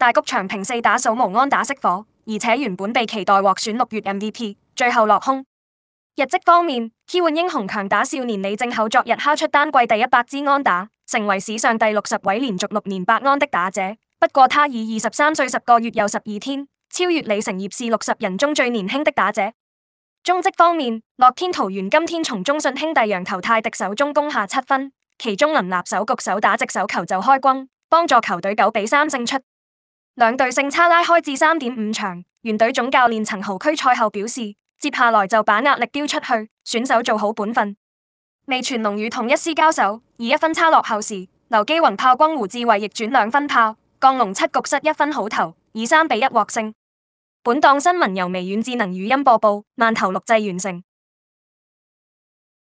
大谷翔平四打數無安打熄火，而且原本被期待獲選六月 MVP，最後落空。日職方面，替換英雄強打少年李正厚昨日敲出單季第一百支安打，成為史上第六十位連續六年百安的打者。不過他以二十三歲十個月又十二天，超越李成業，是六十人中最年輕的打者。中職方面，樂天桃猿今天從中信兄弟洋投泰迪手中攻下七分，其中林立首局首打席首球就開轟，幫助球隊九比三勝出。兩隊勝差拉開至三點五場，猿隊總教練曾豪駒賽後表示，接下來就把壓力丟出去，選手做好本分。味全龍與統一獅交手而一分差落後時，劉基鴻炮轟胡智為，逆轉兩分炮，降龍七局失一分好投，以三比一獲勝。本檔新聞由微軟智能語音播報，慢頭錄製完成。